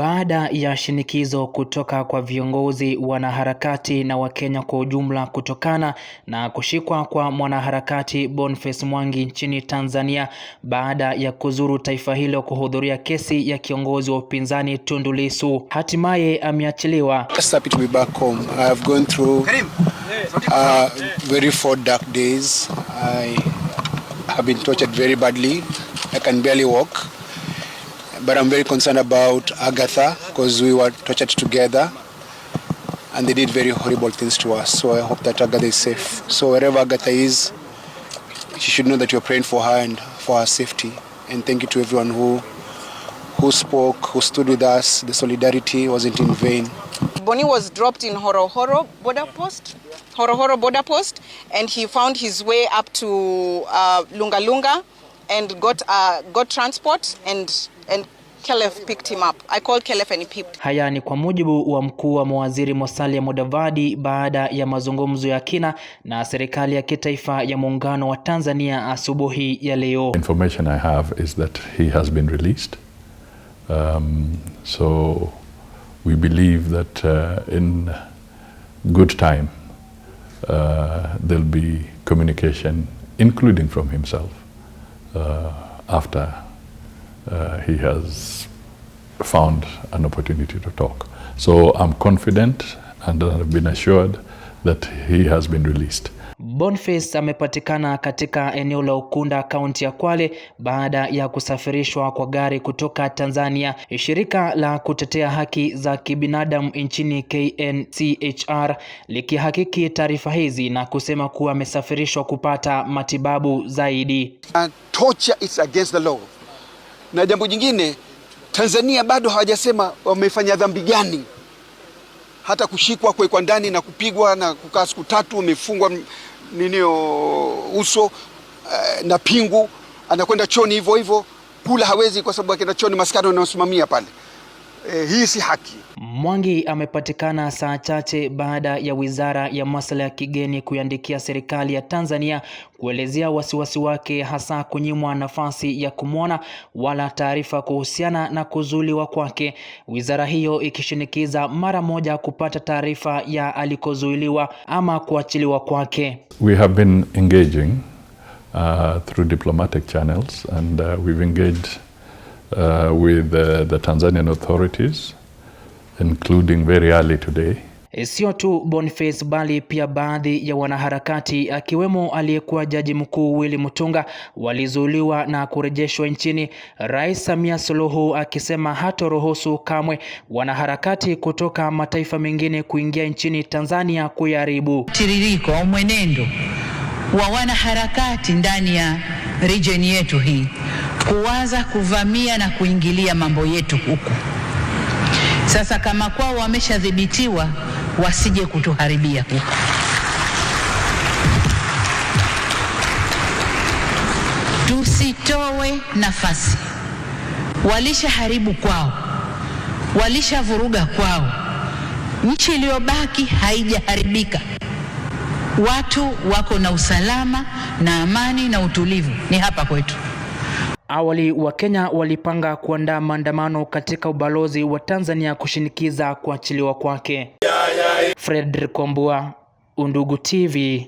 Baada ya shinikizo kutoka kwa viongozi, wanaharakati na Wakenya kwa ujumla kutokana na kushikwa kwa mwanaharakati Boniface Mwangi nchini Tanzania baada ya kuzuru taifa hilo kuhudhuria kesi ya kiongozi wa upinzani Tundu Lissu, hatimaye ameachiliwa. Uh, I can barely walk. but I'm very concerned about Agatha because we were tortured together and they did very horrible things to us. So I hope that Agatha is safe. So wherever Agatha is, she should know that you're praying for her and for her safety. And thank you to everyone who who spoke, who stood with us. The solidarity wasn't in vain. Bonnie was dropped in Horohoro border post, Horohoro border post, and he found his way up to uh, Lunga. Uh, and and, and and got, got uh, transport Kelef Kelef picked him up. I called he Haya ni kwa mujibu wa mkuu wa mawaziri Musalia Mudavadi baada ya mazungumzo ya kina na serikali ya kitaifa ya muungano wa Tanzania asubuhi ya leo. Information I have is that he has been released. Um, so we believe that uh, in good time uh, there'll be communication including from himself. Uh, after uh, he has found an opportunity to talk. So I'm confident and I've been assured that he has been released. Boniface amepatikana katika eneo la Ukunda, kaunti ya Kwale baada ya kusafirishwa kwa gari kutoka Tanzania. Shirika la kutetea haki za kibinadamu nchini KNCHR likihakiki taarifa hizi na kusema kuwa amesafirishwa kupata matibabu zaidi. And torture is against the law. Na jambo jingine, Tanzania bado hawajasema wamefanya dhambi gani hata kushikwa, kuwekwa ndani na kupigwa na kukaa siku tatu umefungwa nini uso eh, na pingu, anakwenda choni hivyo hivyo, kula hawezi kwa sababu akienda choni maskari wanaosimamia pale. E, hii si haki. Mwangi amepatikana saa chache baada ya Wizara ya Masuala ya Kigeni kuiandikia serikali ya Tanzania kuelezea wasiwasi wake hasa kunyimwa nafasi ya kumwona wala taarifa kuhusiana na kuzuliwa kwake, wizara hiyo ikishinikiza mara moja kupata taarifa ya alikozuiliwa ama kuachiliwa kwake. We have been engaging uh, through diplomatic channels and uh, we've engaged uh, with uh, the Tanzanian authorities including very early today. Eh, sio tu Boniface bali pia baadhi ya wanaharakati akiwemo aliyekuwa jaji mkuu Willy Mutunga walizuiliwa na kurejeshwa nchini, Rais Samia Suluhu akisema hatoruhusu kamwe wanaharakati kutoka mataifa mengine kuingia nchini Tanzania kuyaribu tiririko au mwenendo wa wanaharakati ndani ya region yetu hii kuanza kuvamia na kuingilia mambo yetu huku. Sasa kama kwao wameshadhibitiwa, wasije kutuharibia huku. Tusitowe nafasi. Walishaharibu kwao, walishavuruga kwao. Nchi iliyobaki haijaharibika, watu wako na usalama na amani na utulivu, ni hapa kwetu. Awali Wakenya walipanga kuandaa maandamano katika ubalozi wa Tanzania kushinikiza kuachiliwa kwake. Fredrick Kwambua, Undugu TV.